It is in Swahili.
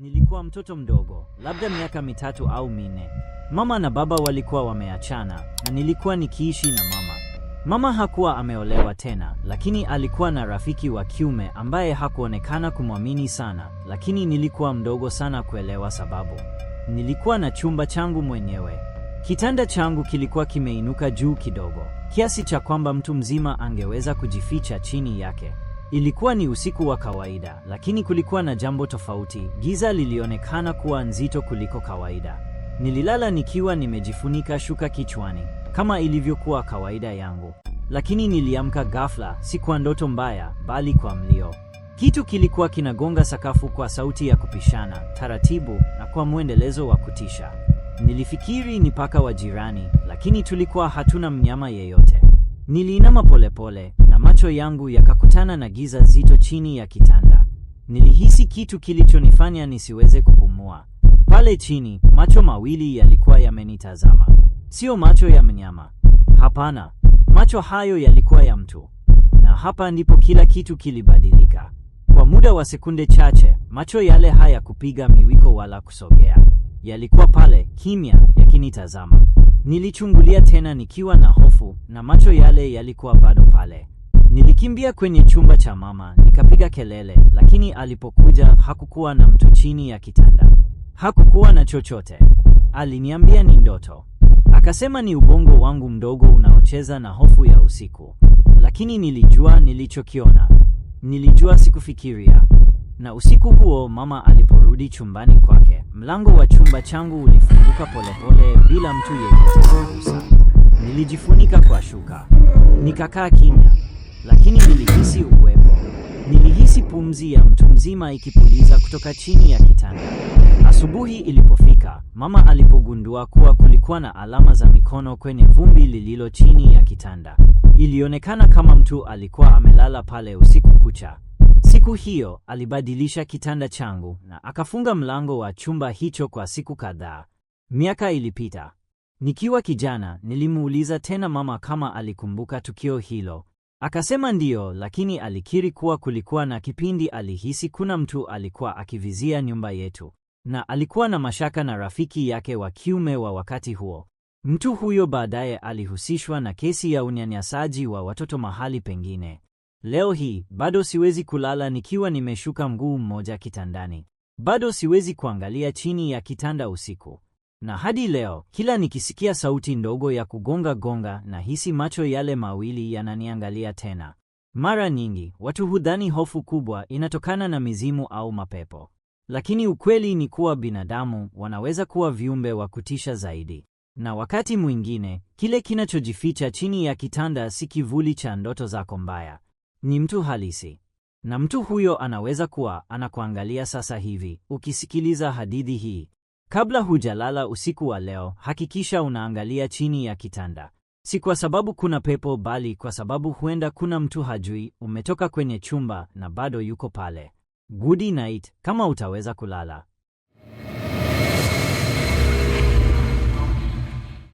Nilikuwa mtoto mdogo, labda miaka mitatu au minne. Mama na baba walikuwa wameachana na nilikuwa nikiishi na mama. Mama hakuwa ameolewa tena, lakini alikuwa na rafiki wa kiume ambaye hakuonekana kumwamini sana, lakini nilikuwa mdogo sana kuelewa sababu. Nilikuwa na chumba changu mwenyewe. Kitanda changu kilikuwa kimeinuka juu kidogo, kiasi cha kwamba mtu mzima angeweza kujificha chini yake. Ilikuwa ni usiku wa kawaida, lakini kulikuwa na jambo tofauti. Giza lilionekana kuwa nzito kuliko kawaida. Nililala nikiwa nimejifunika shuka kichwani kama ilivyokuwa kawaida yangu, lakini niliamka ghafla, si kwa ndoto mbaya, bali kwa mlio. Kitu kilikuwa kinagonga sakafu kwa sauti ya kupishana taratibu, na kwa mwendelezo wa kutisha. Nilifikiri ni paka wa jirani, lakini tulikuwa hatuna mnyama yeyote. Niliinama polepole, macho yangu yakakutana na giza zito chini ya kitanda. Nilihisi kitu kilichonifanya nisiweze kupumua. Pale chini, macho mawili yalikuwa yamenitazama, sio macho ya mnyama. Hapana, macho hayo yalikuwa ya mtu. Na hapa ndipo kila kitu kilibadilika. Kwa muda wa sekunde chache, macho yale hayakupiga miwiko wala kusogea. Yalikuwa pale kimya, yakinitazama. Nilichungulia tena nikiwa na hofu, na macho yale yalikuwa bado pale. Nilikimbia kwenye chumba cha mama, nikapiga kelele, lakini alipokuja hakukuwa na mtu chini ya kitanda. Hakukuwa na chochote. Aliniambia ni ndoto. Akasema ni ubongo wangu mdogo unaocheza na hofu ya usiku. Lakini nilijua nilichokiona. Nilijua sikufikiria. Na usiku huo mama aliporudi chumbani kwake, mlango wa chumba changu ulifunguka polepole bila mtu yeyote kugusa. Nilijifunika kwa shuka. Nikakaa kimya lakini nilihisi uwepo. Nilihisi pumzi ya mtu mzima ikipuliza kutoka chini ya kitanda. Asubuhi ilipofika, mama alipogundua kuwa kulikuwa na alama za mikono kwenye vumbi lililo chini ya kitanda, ilionekana kama mtu alikuwa amelala pale usiku kucha. Siku hiyo alibadilisha kitanda changu na akafunga mlango wa chumba hicho kwa siku kadhaa. Miaka ilipita. Nikiwa kijana, nilimuuliza tena mama kama alikumbuka tukio hilo, Akasema ndiyo, lakini alikiri kuwa kulikuwa na kipindi alihisi kuna mtu alikuwa akivizia nyumba yetu, na alikuwa na mashaka na rafiki yake wa kiume wa wakati huo. Mtu huyo baadaye alihusishwa na kesi ya unyanyasaji wa watoto mahali pengine. Leo hii bado siwezi kulala nikiwa nimeshuka mguu mmoja kitandani. Bado siwezi kuangalia chini ya kitanda usiku na hadi leo kila nikisikia sauti ndogo ya kugonga gonga hisi macho yale mawili yananiangalia tena. Mara nyingi watu hudhani hofu kubwa inatokana na mizimu au mapepo, lakini ukweli ni kuwa binadamu wanaweza kuwa viumbe wa kutisha zaidi, na wakati mwingine kile kinachojificha chini ya kitanda si kivuli cha ndoto zako mbaya, ni mtu halisi, na mtu huyo anaweza kuwa anakuangalia sasa hivi ukisikiliza hadithi hii. Kabla hujalala usiku wa leo, hakikisha unaangalia chini ya kitanda, si kwa sababu kuna pepo, bali kwa sababu huenda kuna mtu hajui umetoka kwenye chumba na bado yuko pale. Good night, kama utaweza kulala.